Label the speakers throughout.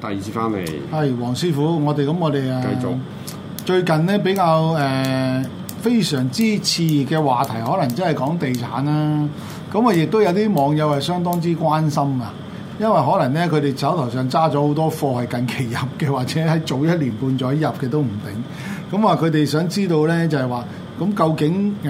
Speaker 1: 第二次
Speaker 2: 翻嚟，係黃師傅，我哋咁我哋啊，繼續最近咧比較誒、呃、非常之熱嘅話題，可能真係講地產啦。咁啊，亦都有啲網友係相當之關心啊，因為可能咧佢哋手頭上揸咗好多貨係近期入嘅，或者喺早一年半左右入嘅都唔定。咁、嗯、啊，佢哋想知道咧就係、是、話，咁究竟誒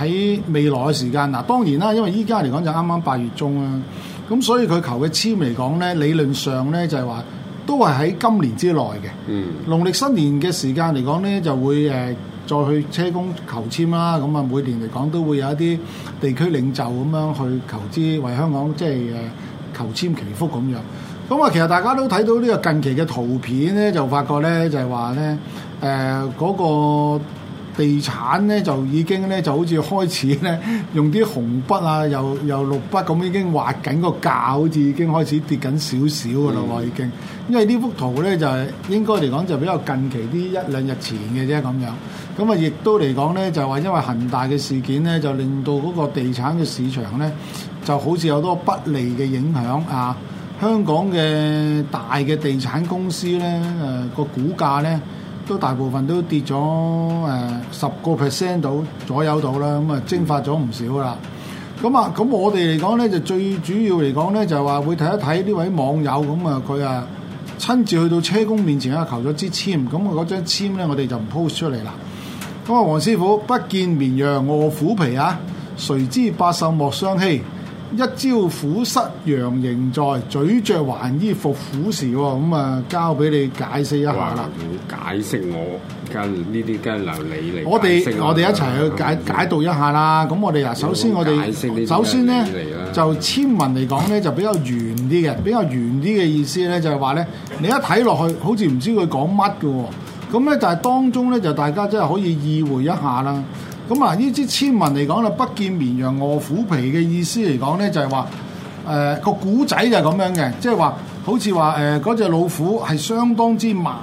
Speaker 2: 喺、呃、未來嘅時間嗱，當然啦，因為依家嚟講就啱啱八月中啦，咁、啊、所以佢求嘅簽嚟講咧，理論上咧就係話。都係喺今年之內嘅，嗯、農曆新年嘅時間嚟講呢就會誒再去車公求籤啦。咁啊，每年嚟講都會有一啲地區領袖咁樣去求資為香港即係誒求籤祈福咁樣。咁啊，其實大家都睇到呢個近期嘅圖片呢就發覺就呢就係話呢誒嗰個。地產咧就已經咧就好似開始咧用啲紅筆啊，又又綠筆咁已經畫緊個價，好似已經開始跌緊少少嘅啦喎已經。嗯、因為呢幅圖咧就係應該嚟講就比較近期啲一,一兩日前嘅啫咁樣。咁啊，亦都嚟講咧就話因為恒大嘅事件咧就令到嗰個地產嘅市場咧就好似有好多不利嘅影響啊。香港嘅大嘅地產公司咧，誒個股價咧。都大部分都跌咗誒十個 percent 到左右到啦，咁啊、嗯、蒸發咗唔少啦。咁啊，咁我哋嚟講咧，就最主要嚟講咧，就係話會睇一睇呢位網友咁、嗯、啊，佢啊親自去到車公面前啊求咗支籤，咁我嗰張籤咧，我哋就唔 post 出嚟啦。咁啊，黃師傅，不見綿羊臥虎皮啊，誰知百獸莫相欺。一朝虎失羊仍在，嘴着還衣服虎時喎、哦，咁、嗯、啊交俾你解釋一下啦。
Speaker 1: 解釋我，咁呢啲梗係由你嚟們。我哋我哋一
Speaker 2: 齊去解、嗯、解讀一下啦。咁、嗯、我哋啊，首先我哋首先咧，就簽文嚟講咧，就比較圓啲嘅，比較圓啲嘅意思咧，就係話咧，你一睇落去好似唔知佢講乜㗎喎。咁、嗯、咧，但係當中咧，就大家真係可以意會一下啦。咁啊！呢支簽文嚟講啦，不見綿羊餓虎皮嘅意思嚟講咧，呃、就係話誒個古仔就係咁樣嘅，即係話好似話誒嗰隻老虎係相當之猛，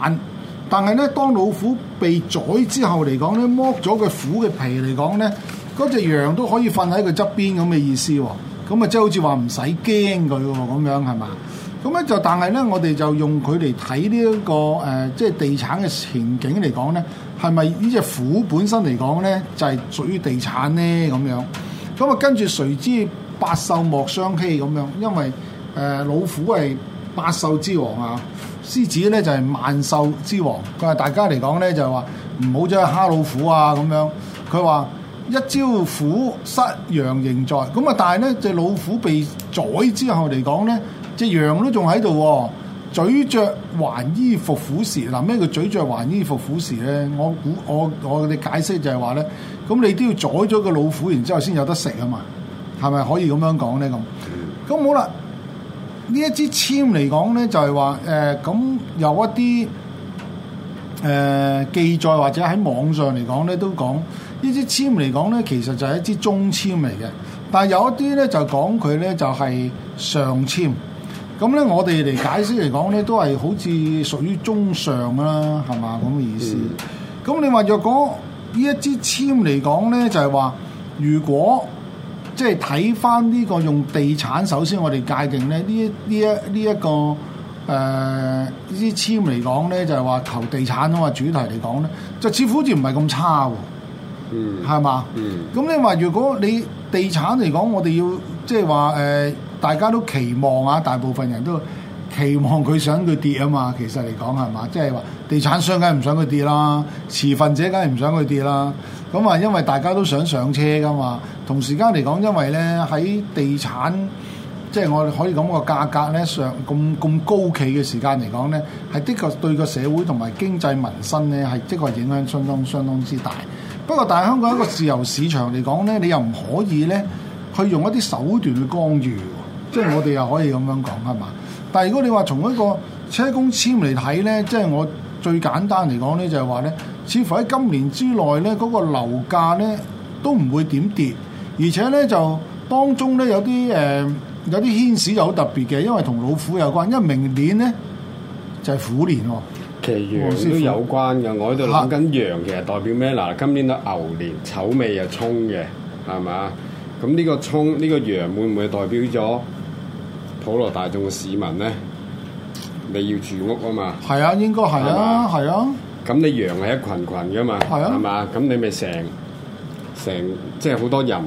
Speaker 2: 但係咧當老虎被宰之後嚟講咧，剝咗個虎嘅皮嚟講咧，嗰隻羊都可以瞓喺佢側邊咁嘅意思喎。咁、哦、啊，即係好似話唔使驚佢喎，咁樣係嘛？咁咧就但係咧，我哋就用佢嚟睇呢一個誒、呃，即係地產嘅前景嚟講咧。係咪呢隻虎本身嚟講咧，就係屬於地產咧咁樣？咁啊跟住誰知百獸莫相欺咁樣？因為誒、呃、老虎係百獸之王啊，獅子咧就係萬獸之王。佢話、就是、大家嚟講咧就話唔好再蝦老虎啊咁樣。佢話一朝虎失羊仍在，咁啊但係咧隻老虎被宰之後嚟講咧，隻羊都仲喺度喎。嘴着還衣服虎時，嗱，咩叫嘴着還衣服虎時咧？我估我我嘅解釋就係話咧，咁你都要宰咗個老虎，然之後先有得食啊嘛，係咪可以咁樣講咧？咁，咁好啦，呢一支籤嚟講咧，就係話誒咁有一啲誒、呃、記載或者喺網上嚟講咧，都講呢支籤嚟講咧，其實就係一支中籤嚟嘅，但係有一啲咧就講佢咧就係上籤。咁咧，我哋嚟解釋嚟講咧，都係好似屬於中上啦，係嘛咁嘅意思。咁、嗯、你話若果呢一支籤嚟講咧，就係話，如果即係睇翻呢個用地產，首先我哋界定咧，呢呢一呢一,一,一個誒、呃、呢支籤嚟講咧，就係、係、話求地產啊嘛主題嚟講咧，就似乎好似唔係咁差喎、啊。嗯。係嘛吧？嗯。咁你話，如果你地產嚟講，我哋要即係話誒？就是大家都期望啊，大部分人都期望佢想佢跌啊嘛。其實嚟講，係嘛，即係話地產商梗係唔想佢跌啦，持份者梗係唔想佢跌啦。咁啊，因為大家都想上車噶嘛。同時間嚟講，因為咧喺地產即係我可以講個價格咧上咁咁高企嘅時間嚟講咧，係的確對個社會同埋經濟民生咧係的確係影響相當相當之大。不過但係香港一個自由市場嚟講咧，你又唔可以咧去用一啲手段去干預。即係我哋又可以咁樣講係嘛？但係如果你話從一個車公簽嚟睇咧，即係我最簡單嚟講咧，就係話咧，似乎喺今年之內咧，嗰、那個樓價咧都唔會點跌，而且咧就當中咧有啲誒、呃、有啲牽絲有特別嘅，因為同老虎有關，因為明年咧就係、是、虎年喎、
Speaker 1: 哦。其實羊都有關嘅，我喺度諗緊羊其實代表咩？嗱，今年咧牛年，丑未又衝嘅係嘛？咁呢個衝呢、這個羊會唔會代表咗？普羅大眾嘅市民咧，你要住屋啊嘛？係啊，應該係啊，係吧啊。咁你羊係一群群嘅嘛？係啊，係嘛？咁你咪成成即係好多人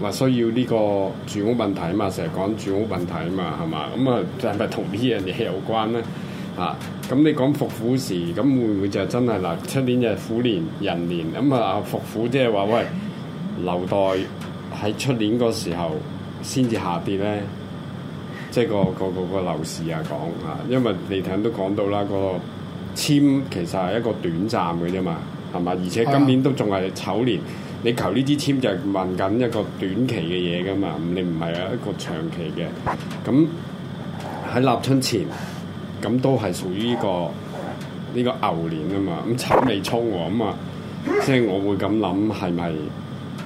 Speaker 1: 話需要呢個住屋問題啊嘛，成日講住屋問題啊嘛，係嘛？咁啊，係咪同呢樣嘢有關咧？啊，咁你講復府時，咁會唔會就真係嗱，出年就係虎年、人年，咁啊復府即係話喂留待喺出年嗰時候先至下跌咧？即係個個個個樓市啊講嚇，因為你聽都講到啦，個籤其實係一個短暫嘅啫嘛，係嘛？而且今年都仲係醜年，啊、你求呢支籤就係問緊一個短期嘅嘢噶嘛，你唔係一個長期嘅，咁、嗯、喺立春前，咁、嗯、都係屬於呢、呢個呢、呢個牛年啊嘛，咁醜未出喎，咁、嗯、啊，即係我會咁諗係咪？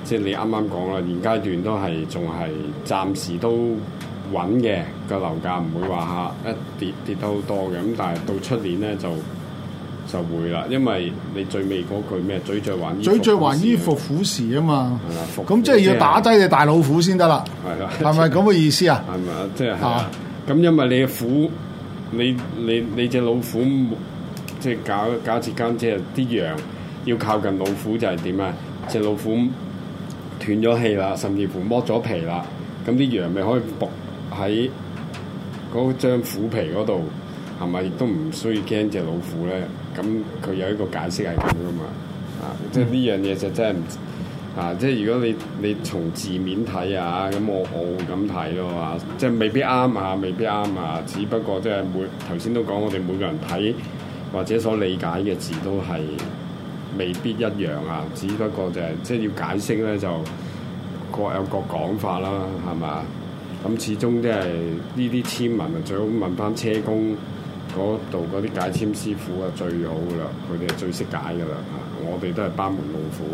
Speaker 1: 即係你啱啱講啦，現階段都係仲係暫時都。穩嘅個樓價唔會話嚇一跌跌得好多嘅，咁但係到出年咧就就會啦，因為你最尾嗰句咩嘴在還衣嘴在還衣服
Speaker 2: 虎時啊嘛，咁即係要打
Speaker 1: 低隻大老虎先得啦，係咪咁嘅意思係係、就係、啊？係咪啊？即係嚇咁，因為你嘅虎你你你隻老虎即係假假設間即係啲羊要靠近老虎就係點啊？隻老虎斷咗氣啦，甚至乎剝咗皮啦，咁啲羊咪可以搏，喺嗰張虎皮嗰度係咪亦都唔需要驚隻老虎咧？咁佢有一個解釋係咁㗎嘛？啊，即係呢樣嘢就真係唔啊！即係如果你你從字面睇啊，咁我我會咁睇咯嘛。即係未必啱啊，未必啱啊。只不過即係每頭先都講，我哋每個人睇或者所理解嘅字都係未必一樣啊。只不過就係、是、即係要解釋咧，就各有各講法啦、啊，係嘛？咁始終即係呢啲簽文啊，最好問翻車公嗰度嗰啲解簽師傅啊，最好啦，佢哋最識解噶啦嚇，我哋都係班門弄斧。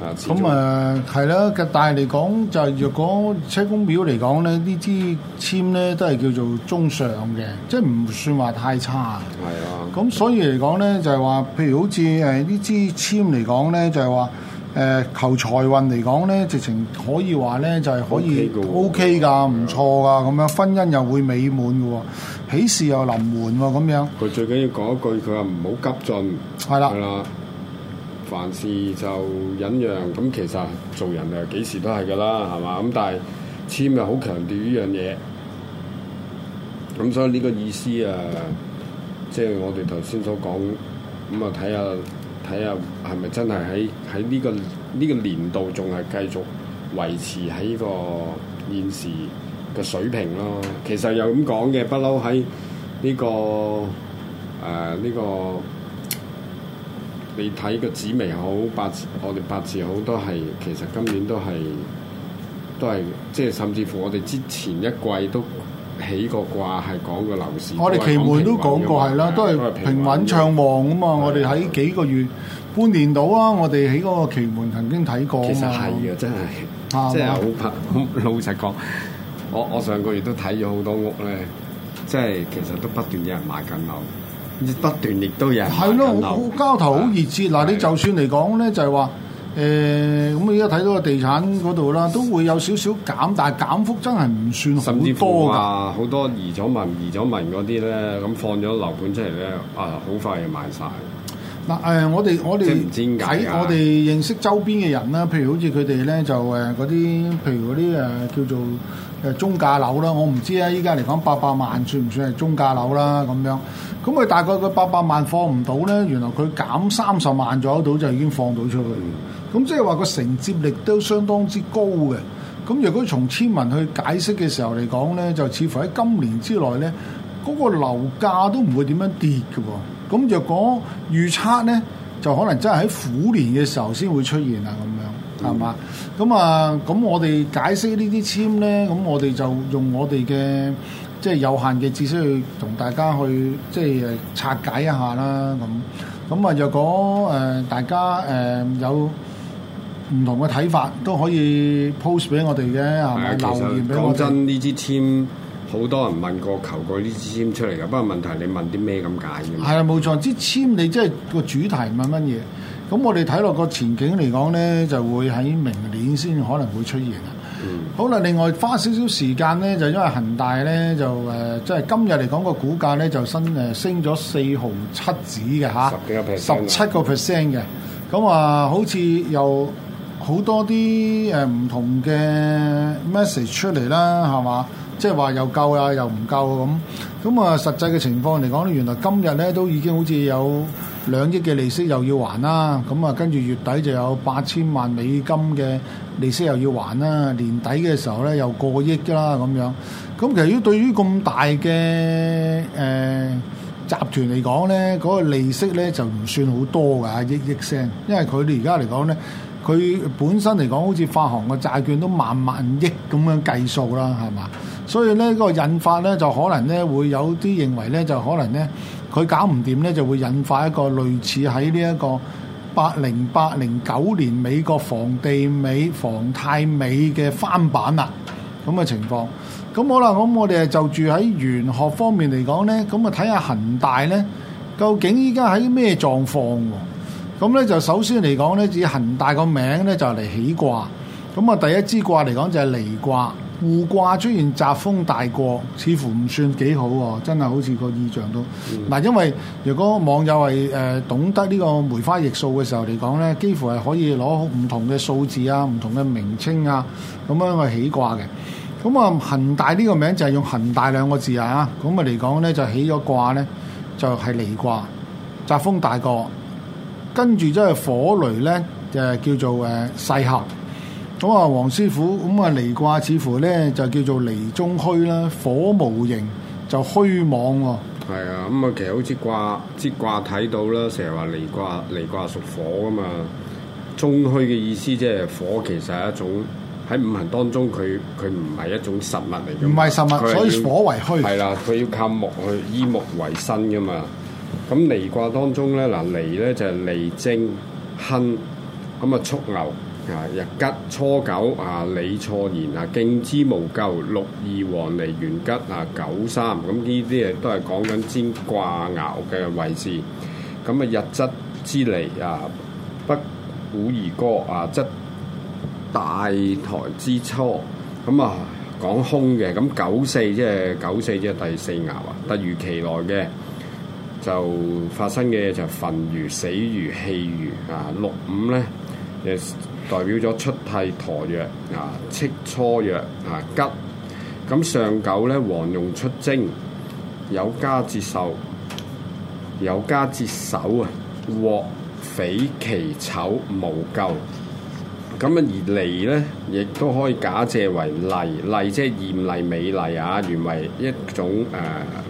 Speaker 1: 嚇。咁誒
Speaker 2: 係啦，嘅、呃、大嚟講就若、是、果車公表嚟講咧，簽呢支簽咧都係叫做中上嘅，即係唔算話太差。係啊的。咁所以嚟講咧，就係、是、話，譬如好似誒呢支簽嚟講咧，就係、是、話。誒求財運嚟講咧，直情可以話咧就係可以 OK 㗎，唔錯㗎，咁樣婚姻又會美滿嘅喎，喜事又臨門喎，咁樣。
Speaker 1: 佢最緊要講一句，佢話唔好急進。係啦，凡事就忍讓。咁其實做人啊幾時都係㗎啦，係嘛？咁但係簽又好強調呢樣嘢。咁所以呢個意思啊，即係我哋頭先所講，咁啊睇下。睇下係咪真係喺喺呢個呢個年度仲係繼續維持喺呢個現時嘅水平咯。其實又咁講嘅，不嬲喺呢個誒呢個你睇個紫微好八，我哋八字好多係其實今年都係都係即係甚至乎我哋之前一季都。起個卦係講個樓市，我哋奇門都講過係啦，都係平穩暢
Speaker 2: 旺咁啊！對我哋喺幾個月、對半年度啊，我哋喺嗰個奇門曾經睇過。對其實係
Speaker 1: 啊，真係，即係好拍，哦、老實講，我我上個月都睇咗好多屋咧，即係其實都不斷有人買緊樓，不斷亦都有係咯，好交投好熱切。嗱、啊，你就算嚟講咧，就係話。
Speaker 2: 誒咁，而家睇到個地產嗰度啦，都會有少少減，但係減幅真係唔
Speaker 1: 算好多㗎。甚至乎啊，好多移咗民、移咗民嗰啲咧，咁放咗樓盤出嚟咧，呃、知知啊，好快就賣晒。
Speaker 2: 嗱誒，我哋我
Speaker 1: 哋喺我哋
Speaker 2: 認識周邊嘅人啦，譬如好似佢哋咧就誒嗰啲，譬如嗰啲誒叫做誒中價樓啦。我唔知啊，依家嚟講八百萬算唔算係中價樓啦？咁樣咁佢大概佢八百萬放唔到咧，原來佢減三十萬咗度，就已經放到出去。嗯。咁即係話個承接力都相當之高嘅。咁若果從簽文去解釋嘅時候嚟講呢，就似乎喺今年之內呢，嗰、那個樓價都唔會點樣跌嘅。咁若果預測呢，就可能真係喺虎年嘅時候先會出現啊。咁樣係嘛？咁啊、嗯，咁我哋解釋呢啲簽呢，咁我哋就用我哋嘅即係有限嘅知識去同大家去即係、就是、拆解一下啦。咁，咁啊若果誒、呃、大家誒、呃、有。唔同嘅睇法都可以 post 俾我哋嘅，係咪的留言俾我？講真，呢
Speaker 1: 支籤好多人問過、求過呢支籤出嚟嘅，不過問題你問啲咩咁解嘅？
Speaker 2: 係啊，冇錯，支籤你即係個主題問乜嘢？咁我哋睇落個前景嚟講咧，就會喺明年先可能會出現啊。嗯。好啦，另外花少少時間咧，就因為恒大咧就誒、呃，即係今日嚟講個股價咧就新誒升咗四毫七子嘅吓，十幾個 percent，十七個 percent 嘅。咁啊，好似又～好多啲誒唔同嘅 message 出嚟啦，係嘛？即係話又夠啊，又唔夠咁。咁啊，實際嘅情況嚟講咧，原來今日咧都已經好似有兩億嘅利息又要還啦。咁啊，跟住月底就有八千萬美金嘅利息又要還啦。年底嘅時候咧，又過億啦咁樣。咁其實於對於咁大嘅誒、呃、集團嚟講咧，嗰、那個利息咧就唔算好多㗎，億億聲，因為佢哋而家嚟講咧。佢本身嚟講，好似發行個債券都萬萬億咁樣計數啦，係嘛？所以咧，嗰、這個引發咧，就可能咧會有啲認為咧，就可能咧，佢搞唔掂咧，就會引發一個類似喺呢一個八零八零九年美國房地美、房泰美嘅翻版啦、啊，咁嘅情況。咁好啦，咁我哋就住喺玄學方面嚟講咧，咁啊睇下恒大咧，究竟依家喺咩狀況？咁咧就首先嚟講咧，以恒大個名咧就嚟、是、起卦。咁啊，第一支卦嚟講就係、是、離卦，互卦出現澤風大過，似乎唔算幾好喎，真係好似個意象都。嗱、嗯，因為如果網友係誒、呃、懂得呢個梅花易數嘅時候嚟講咧，幾乎係可以攞唔同嘅數字啊、唔同嘅名稱啊咁樣去起卦嘅。咁啊，恒大呢個名就係用恒大兩個字啊。咁啊嚟講咧，就起咗卦咧，就係、是、離卦，澤風大過。跟住即係火雷咧，就叫做誒噬嗑。咁啊，黃師傅咁啊，離、嗯、卦似乎咧就叫做離中虛啦，火無形就虛妄喎、
Speaker 1: 哦。係啊，咁、嗯、啊，其實好似卦，即卦睇到啦，成日話離卦，離卦屬火噶嘛，中虛嘅意思即係火其實係一種喺五行當中，佢佢唔係一種實物嚟嘅，唔係實物，所以火為虛。係啦、啊，佢要靠木去依木為身噶嘛。咁離卦當中咧，嗱離咧就係離貞亨，咁啊畜牛啊日吉初九啊，履錯然啊，敬之無咎，六二黃離元吉啊，九三咁呢啲嘢都係講緊先卦爻嘅位置，咁啊日昃之離啊，不鼓而歌啊則大台之初，咁啊講空嘅，咁九四即係九四即係第四爻啊，突如其來嘅。就發生嘅嘢就焚如死如棄如啊，六五咧，誒代表咗出涕沱若啊，戚嗟若啊，吉。咁、啊、上九咧，王用出征，有嘉折首，有嘉折首啊，獲匪其醜，無咎。咁啊而離咧，亦都可以假借為麗，麗即係豔麗美麗啊，原為一種誒。啊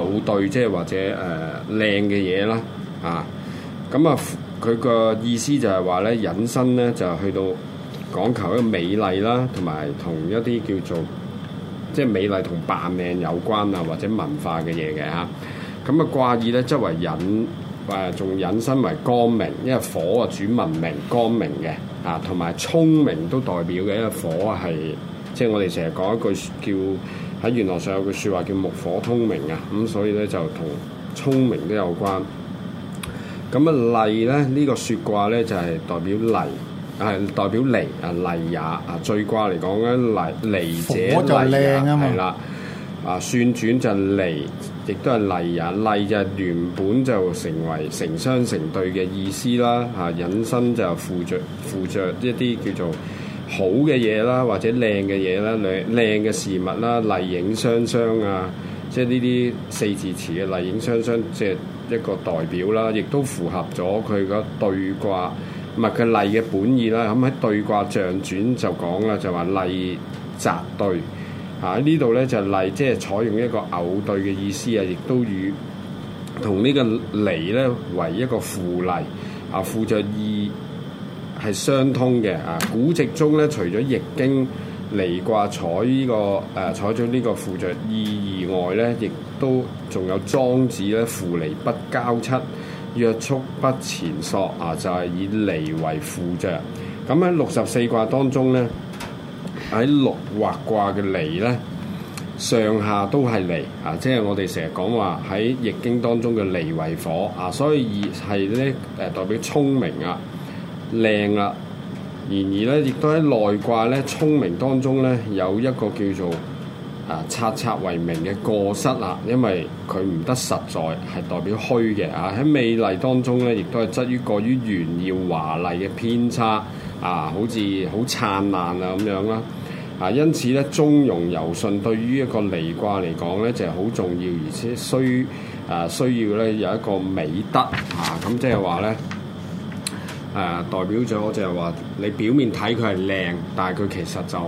Speaker 1: 牛隊即係或者誒靚嘅嘢啦，啊，咁啊佢個意思就係話咧引申咧就係、是、去到講求一個美麗啦，同埋同一啲叫做即係美麗同扮靚有關啊，或者文化嘅嘢嘅嚇。咁啊卦意咧則為引誒，仲引申為光明，因為火啊主文明光明嘅啊，同埋聰明都代表嘅，因為火係即係我哋成日講一句叫。喺原來上有句說話叫木火通明啊，咁所以咧就同聰明都有關。咁啊，麗、這、咧、個、呢個說卦咧就係、是、代表麗，係、啊、代表離啊，麗也啊。最卦嚟講咧，離離者麗啊，係啦。啊，轉轉就離，亦都係麗也。麗就原本就成為成雙成對嘅意思啦。啊，引申就附著附著一啲叫做。好嘅嘢啦，或者靚嘅嘢啦，靚靚嘅事物啦，麗影雙雙啊，即係呢啲四字詞嘅麗影雙雙，即係一個代表啦，亦都符合咗佢嗰對卦，唔係佢麗嘅本意啦。咁喺對卦象轉就講啦，就話麗雜對啊，喺呢度咧就係麗即係採用一個偶對嘅意思啊，亦都與同呢個麗咧為一個附麗啊，附著意。係相通嘅啊！古籍中咧，除咗易經離卦採呢、這個誒、呃、採咗呢個附着意以外咧，亦都仲有莊子咧，附離不交七，約束不前索啊！就係、是、以離為附着。咁喺六十四卦當中咧，喺六畫卦嘅離咧，上下都係離啊！即、就、係、是、我哋成日講話喺易經當中嘅離為火啊，所以二係咧誒代表聰明啊。靚啦，然而咧，亦都喺內卦咧，聰明當中咧，有一個叫做啊，察、呃、察為明嘅過失啦，因為佢唔得實在，係代表虛嘅啊。喺美麗當中咧，亦都係質於過於炫耀華麗嘅偏差啊，好似好燦爛啊咁樣啦、啊。啊，因此咧，中庸柔順對於一個離卦嚟講咧，就係、是、好重要，而且需啊需要咧有一個美德啊，咁即係話咧。誒、啊、代表咗就係話，你表面睇佢係靚，但係佢其實就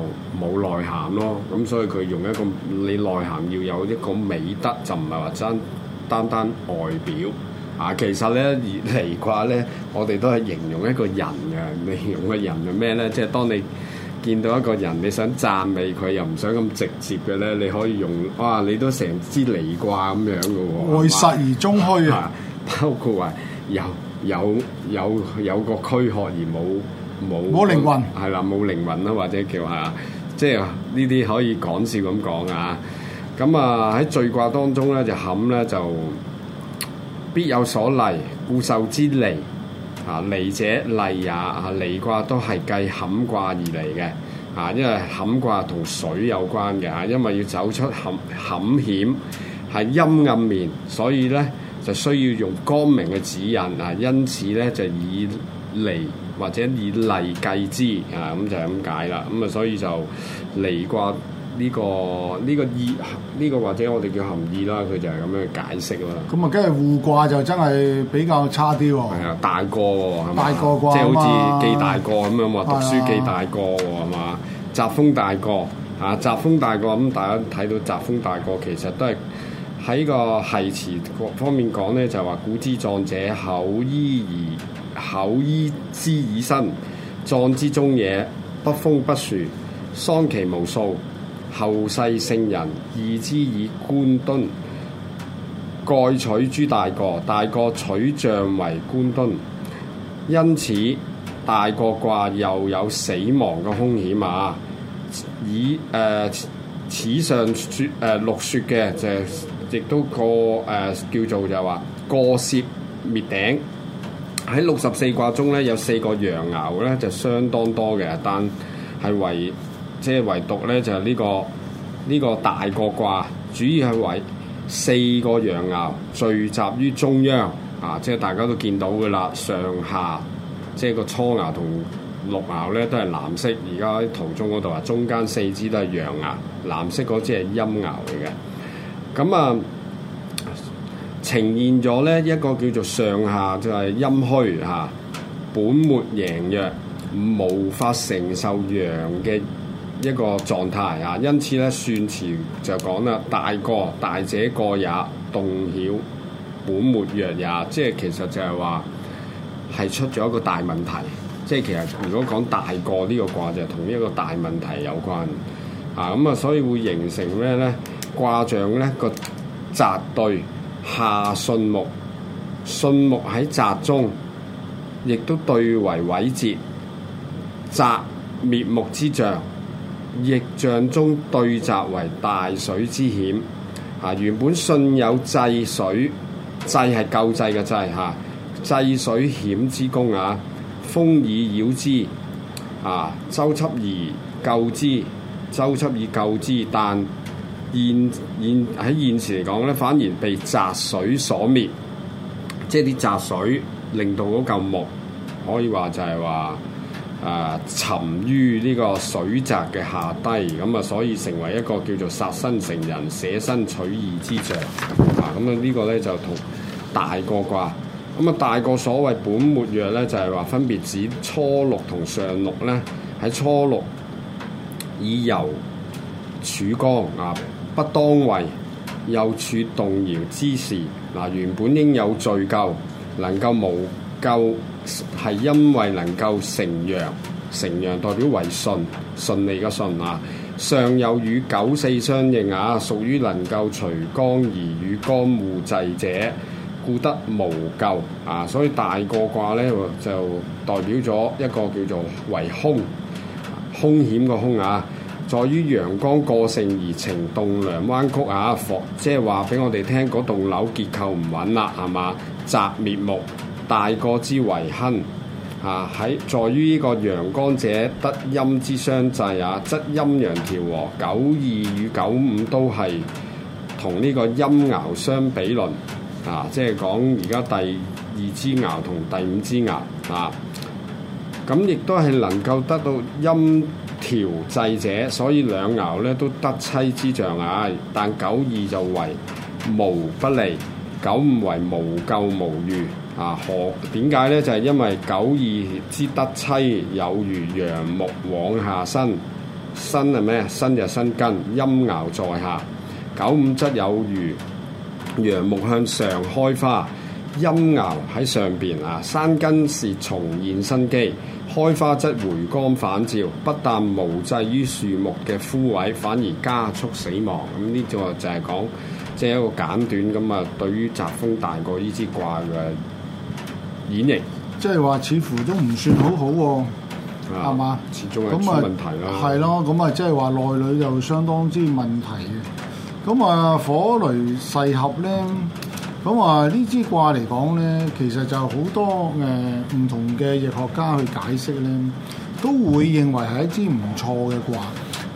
Speaker 1: 冇內涵咯。咁所以佢用一個你內涵要有一個美德，就唔係話真單單外表。啊，其實咧，離卦咧，我哋都係形容一個人嘅，形容嘅人係咩咧？即係當你見到一個人，你想讚美佢又唔想咁直接嘅咧，你可以用哇、啊，你都成支離卦咁樣嘅喎，外實而中虛啊，啊，包括話、啊、有。有有有個軀殼而冇冇，係啦冇靈魂啦，或者叫啊，即係呢啲可以講笑咁講啊。咁啊喺醉卦當中咧，就坎咧，就必有所利，故受之利啊！利者利也啊！利卦都係繼坎卦而嚟嘅啊，因為坎卦同水有關嘅啊，因為要走出坎坎險係陰暗面，所以咧。就需要用光明嘅指引啊，因此咧就以離或者以離計之啊，咁、嗯、就係、是、咁解啦。咁、嗯、啊，所以就離卦呢個呢、這個意呢、這個這個或者我哋叫含義啦，佢、啊、就係咁樣去解釋啦。
Speaker 2: 咁啊，跟住互卦就真係比較差啲喎。
Speaker 1: 係啊，大過喎，即係好似記大過咁樣喎，啊、讀書記大過喎，係嘛、啊？澤、啊、風大過啊，澤風大過咁、嗯、大家睇到澤風大過其實都係。喺個繫辭方面講咧，就話古之葬者，厚衣而厚衣之以身，葬之中野，不封不樹，喪期無數。後世聖人，易之以棺槨，蓋取諸大過。大過取象為棺槨，因此大過卦又有死亡嘅凶險啊！以誒、呃，此上說、呃、雪誒落雪嘅就係。亦都個誒、呃、叫做就話過涉滅頂，喺六十四卦中咧，有四個陽爻咧就相當多嘅，但係唯即係唯獨咧就係、是、呢、這個呢、這個大過卦，主要係為四個陽爻聚集於中央啊！即係大家都見到嘅啦，上下即係個初爻同六爻咧都係藍色，而家圖中嗰度啊，中間四支都係陽爻，藍色嗰支係陰爻嚟嘅。咁啊，呈現咗咧一個叫做上下就係、是、陰虛嚇，本末羸弱，無法承受陽嘅一個狀態啊。因此咧，《彖辭》就講啦：大過，大者過也，動曉本末弱也。即係其實就係話係出咗一個大問題。即係其實如果講大過呢個卦，就同呢一個大問題有關啊。咁啊，所以會形成咩咧？卦象咧個澤對下巽木，巽木喺澤中，亦都對為毀折，澤滅木之象。逆象中對澤為大水之險。啊，原本巽有濟水，濟係救濟嘅濟吓，濟、啊、水險之功啊，風以擾之啊，舟楫而救之，舟楫而救之，但現現喺現時嚟講咧，反而被澤水所滅，即係啲澤水令到嗰嚿木可以話就係話啊沉於呢個水澤嘅下低，咁啊所以成為一個叫做殺身成仁、捨身取義之象。啊，咁啊呢個咧就同大過卦，咁啊大過所謂本末弱咧，就係、是、話分別指初六同上六咧，喺初六以柔處剛啊。不當為，又處動搖之時，嗱，原本應有罪咎，能夠無咎，係因為能夠承陽，承陽代表為順，順利嘅順啊。上有與九四相應啊，屬於能夠除剛而與剛互濟者，故得無咎啊。所以大過卦呢，就代表咗一個叫做為凶，凶險嘅凶啊。在於陽光過盛而呈棟梁彎曲啊，即係話俾我哋聽嗰棟樓結構唔穩啦，係嘛？澤滅木大過之為亨啊！喺在，在於呢個陽光者得陰之相濟啊，則陰陽調和。九二與九五都係同呢個陰爻相比論啊，即係講而家第二支爻同第五支爻啊，咁亦都係能夠得到陰。調制者，所以兩爻咧都得妻之象啊！但九二就為無不利，九五為無咎無譽啊？何點解呢？就係、是、因為九二之得妻有如陽木往下生，生係咩？生就生根，陰爻在下。九五則有如陽木向上開花，陰爻喺上邊啊，生根是重現生機。開花則回光返照，不但無濟於樹木嘅枯萎，反而加速死亡。咁呢個就係講，即係一個簡短咁啊。對於澤風大過呢支卦嘅演繹，
Speaker 2: 即係話似乎都唔算好好，係
Speaker 1: 嘛，啊？吧始終係出問題啦。係
Speaker 2: 咯、嗯，咁啊，即係話內裏就相當之問題嘅。咁啊，火雷噬嗑咧。嗯咁話呢支卦嚟講咧，其實就好多誒唔、呃、同嘅易學家去解釋咧，都會認為係一支唔錯嘅卦。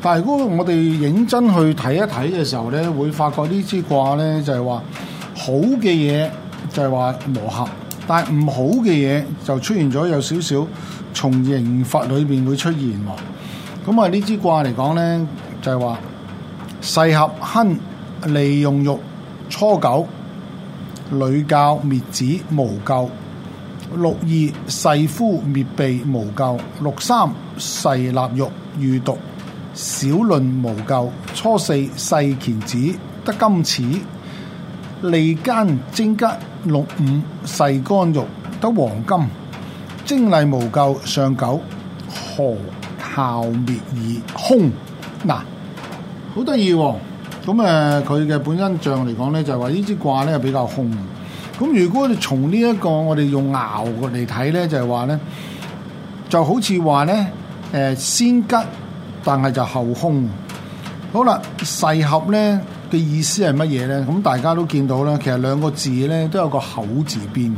Speaker 2: 但係如果我哋認真去睇一睇嘅時候咧，會發覺呢支卦咧就係、是、話好嘅嘢就係話磨合，但係唔好嘅嘢就出現咗有少少從刑法裏邊會出現喎。咁啊呢支卦嚟講咧就係話噬嗑亨，利用獄初九。女教滅子無咎。六二細夫滅鼻無咎。六三細臘肉遇毒，小論無咎。初四細乾子得金齒，利奸貞吉，六五細乾肉得黃金，貞厲無咎。上九何效滅耳凶，嗱，好得意喎！咁誒，佢嘅、呃、本身象嚟講咧，就係、是、話呢支卦咧比較空。咁如果你從、這個、呢一個我哋用爻嚟睇咧，就係話咧，就好似話咧，誒、呃、先吉，但係就是後空。好啦，噬嗑咧嘅意思係乜嘢咧？咁大家都見到啦，其實兩個字咧都有個口字邊。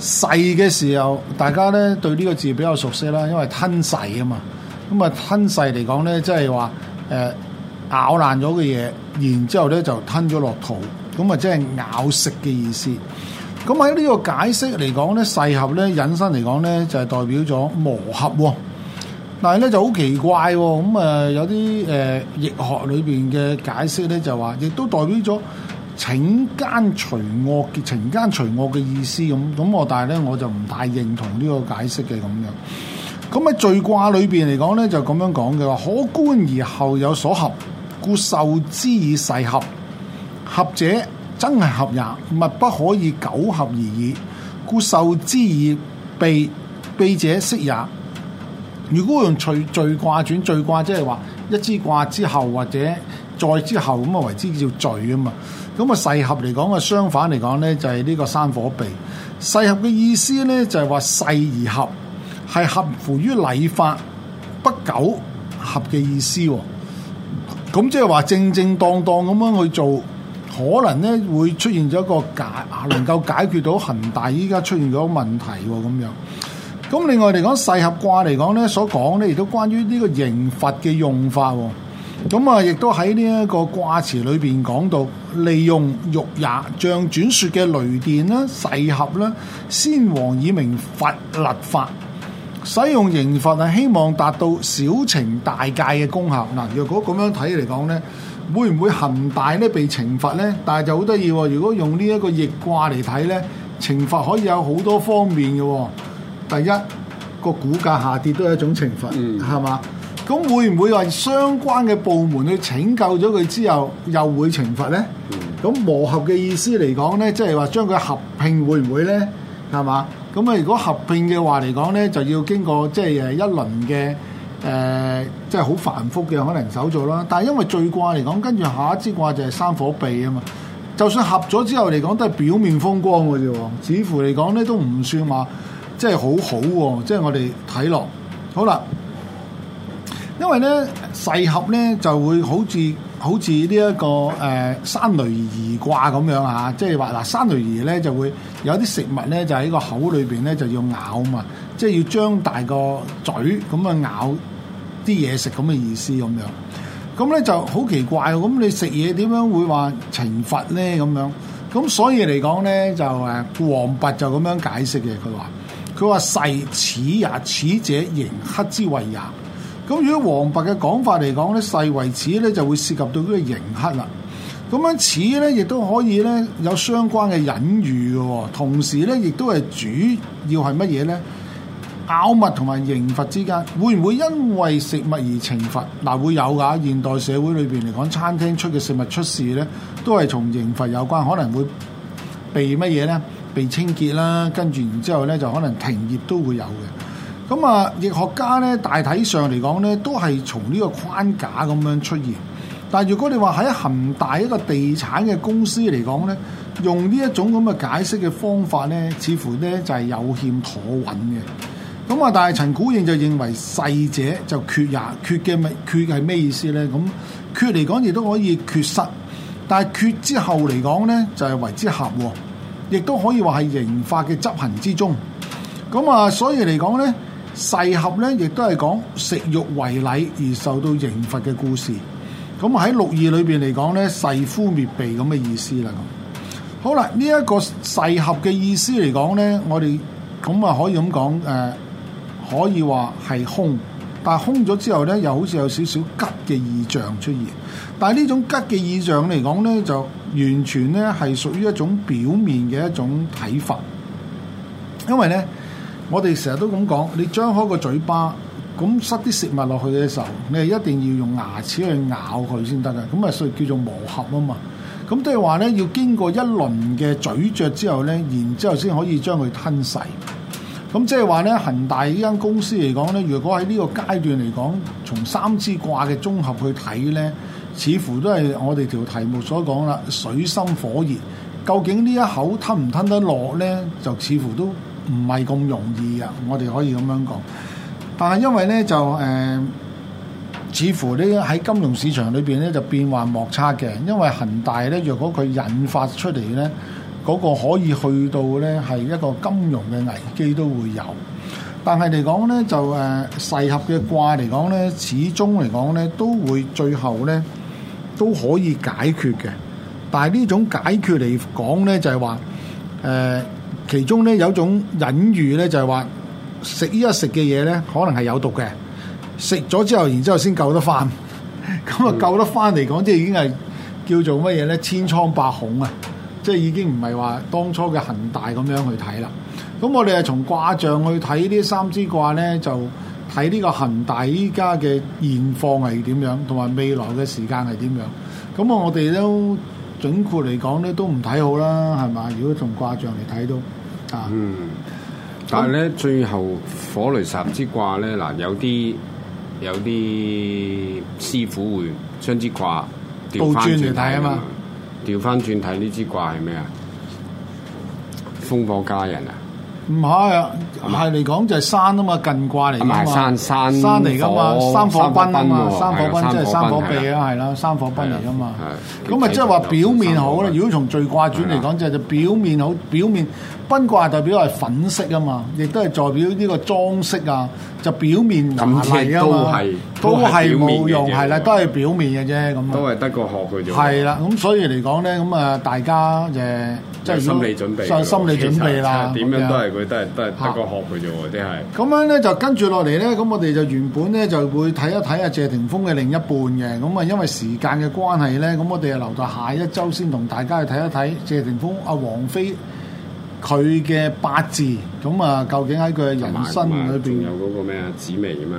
Speaker 2: 細嘅時候，大家咧對呢個字比較熟悉啦，因為吞噬啊嘛。咁、嗯、啊吞噬嚟講咧，即係話誒。呃咬爛咗嘅嘢，然之後咧就吞咗落肚，咁啊即係咬食嘅意思。咁喺呢個解釋嚟講咧，噬嗑咧引申嚟講咧就係代表咗磨合。但係咧就好奇怪喎、哦，咁啊有啲誒易學裏邊嘅解釋咧就話，亦都代表咗懲奸除惡嘅懲奸除惡嘅意思咁。咁我但係咧我就唔大認同呢個解釋嘅咁樣。咁喺《序卦》裏邊嚟講咧就咁樣講嘅話，可觀而後有所合。故受之以噬嗑，合者真係合也，物不可以久合而已。故受之以賁，賁者飾也。如果用序序卦轉序卦，即係話一支卦之後或者再之後咁啊，為之叫序啊嘛。咁啊，噬嗑嚟講啊，相反嚟講咧，就係呢個山火賁。噬嗑嘅意思咧，就係話細而合，係合乎於禮法，不久合嘅意思。咁即係話正正當當咁樣去做，可能呢會出現咗一個解，能夠解決到恒大依家出現咗問題喎咁樣。咁另外嚟講，噬嗑卦嚟講呢，所講呢亦都關於呢個刑罰嘅用法喎。咁啊，亦都喺呢一個卦辭裏邊講到，利用獄也，象傳説嘅雷電啦，噬嗑啦，先王以明罰立法。使用刑罰係希望達到小懲大戒嘅功效。嗱，若果咁樣睇嚟講呢，會唔會恒大呢被懲罰呢？但係就好得意喎。如果用呢一個逆卦嚟睇呢，懲罰可以有好多方面嘅。第一個股價下跌都係一種懲罰，係嘛、嗯？咁會唔會話相關嘅部門去拯救咗佢之後，又會懲罰呢？咁、嗯、磨合嘅意思嚟講呢，即係話將佢合併會唔會呢？係嘛？咁啊，如果合併嘅話嚟講咧，就要經過即係誒一輪嘅誒，即係好繁複嘅可能手續啦。但係因為最卦嚟講，跟住下一支卦就係山火賁啊嘛。就算合咗之後嚟講，都係表面風光嘅啫。似乎嚟講咧，都唔算話即係好好喎。即係我哋睇落，好啦，因為咧細合咧就會好似。好似呢一個誒、呃、山雷而卦咁樣嚇，即係話嗱，山雷頤咧就會有啲食物咧就喺個口裏邊咧就要咬嘛，即係要張大個嘴咁啊咬啲嘢食咁嘅意思咁樣。咁咧就好奇怪，咁你食嘢點樣會話懲罰咧咁樣？咁所以嚟講咧就誒黃伯就咁樣解釋嘅，佢話佢話：噬此也，此者刑克之謂也。咁如果黃伯嘅講法嚟講咧，世為此咧就會涉及到呢個刑剋啦。咁樣此咧亦都可以咧有相關嘅隱喻嘅喎。同時咧，亦都係主要係乜嘢咧？咬物同埋刑罰之間會唔會因為食物而懲罰？嗱，會有㗎。現代社會裏邊嚟講，餐廳出嘅食物出事咧，都係同刑罰有關，可能會被乜嘢咧？被清潔啦，跟住然之後咧就可能停業都會有嘅。咁啊，易學家咧大體上嚟講咧，都係從呢個框架咁樣出現。但係如果你話喺恒大一個地產嘅公司嚟講咧，用呢一種咁嘅解釋嘅方法咧，似乎咧就係有欠妥穩嘅。咁啊，但係陳古應就認為細者就缺也，缺嘅咪缺係咩意思咧？咁缺嚟講亦都可以缺失，但係缺之後嚟講咧就係為之合，亦都可以話係刑法嘅執行之中。咁啊，所以嚟講咧。細合咧，亦都係講食慾為禮而受到刑罰嘅故事。咁喺六二裏邊嚟講咧，細夫滅鼻咁嘅意思啦。咁好啦，呢一個細合嘅意思嚟講咧，我哋咁啊可以咁講誒，可以話係空，但係空咗之後咧，又好似有少少吉嘅異象出現。但係呢種吉嘅異象嚟講咧，就完全咧係屬於一種表面嘅一種睇法，因為咧。我哋成日都咁講，你張開個嘴巴，咁塞啲食物落去嘅時候，你係一定要用牙齒去咬佢先得嘅，咁啊，所以叫做磨合啊嘛。咁即係話咧，要經過一輪嘅咀嚼之後咧，然之後先可以將佢吞細。咁即係話咧，恒大依間公司嚟講咧，如果喺呢個階段嚟講，從三支卦嘅綜合去睇咧，似乎都係我哋條題目所講啦，水深火熱。究竟呢一口吞唔吞得落咧，就似乎都～唔係咁容易啊！我哋可以咁樣講，但係因為呢，就誒、呃，似乎呢喺金融市場裏邊呢，就變幻莫測嘅。因為恒大呢，若果佢引發出嚟呢，嗰、那個可以去到呢係一個金融嘅危機都會有。但係嚟講呢，就誒，細、呃、合嘅卦嚟講呢，始終嚟講呢，都會最後呢都可以解決嘅。但係呢種解決嚟講呢，就係話誒。呃其中咧有種隱喻咧，就係話食依家食嘅嘢咧，可能係有毒嘅，食咗之後，然之後先救得翻。咁啊，救得翻嚟講，即係已經係叫做乜嘢咧？千瘡百孔啊！即係已經唔係話當初嘅恒大咁樣去睇啦。咁我哋係從卦象去睇呢三支卦咧，就睇呢個恒大依家嘅現況係點樣，同埋未來嘅時間係點樣。咁啊，我哋都準確嚟講咧，都唔睇好啦，係咪？如果從卦象嚟睇都。
Speaker 1: 嗯，但係咧，最後火雷噬嗑卦咧，嗱有啲有啲師傅會將支卦調翻轉嚟睇啊嘛，調翻轉睇呢支卦係咩啊？風火家人啊？
Speaker 2: 唔係，係嚟講就係山啊嘛，近卦嚟啊嘛，山山山嚟噶嘛，山火賁啊嘛，山火賁即係山火賁啊，係啦，山火賁嚟噶嘛。咁啊，即係話表面好啦。如果從綜卦轉嚟講，就就表面好表面。賁卦代表係粉飾啊嘛，亦都係代表呢個裝飾啊，就表面嘢嚟啊嘛，都係冇用係啦，都係表面嘅啫咁。都係得個殼佢啫。係啦，咁、嗯、所以嚟講咧，咁啊大家誒、就是，即係心理準備，就心理準備啦。點樣都係
Speaker 1: 佢，的都係都係得個殼佢啫喎，啲係。
Speaker 2: 咁、啊、樣咧就跟住落嚟咧，咁、嗯、我哋就原本咧就會睇一睇阿謝霆鋒嘅另一半嘅，咁、嗯、啊因為時間嘅關係咧，咁、嗯、我哋係留到下一周先同大家去睇一睇謝霆鋒阿、啊、王菲。佢嘅八字咁啊，究竟喺佢嘅人生裏
Speaker 1: 邊，仲有嗰個咩啊紫微啊嘛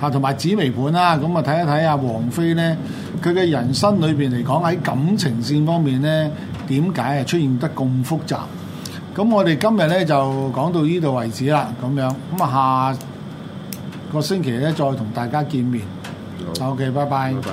Speaker 2: 嚇，同埋紫微盤啦，咁啊睇一睇阿黃飛咧，佢嘅人生裏邊嚟講喺感情線方面咧，點解啊出現得咁複雜？咁我哋今日咧就講到呢度為止啦，咁樣咁啊下個星期咧再同大家見面。好，OK，拜拜。拜拜。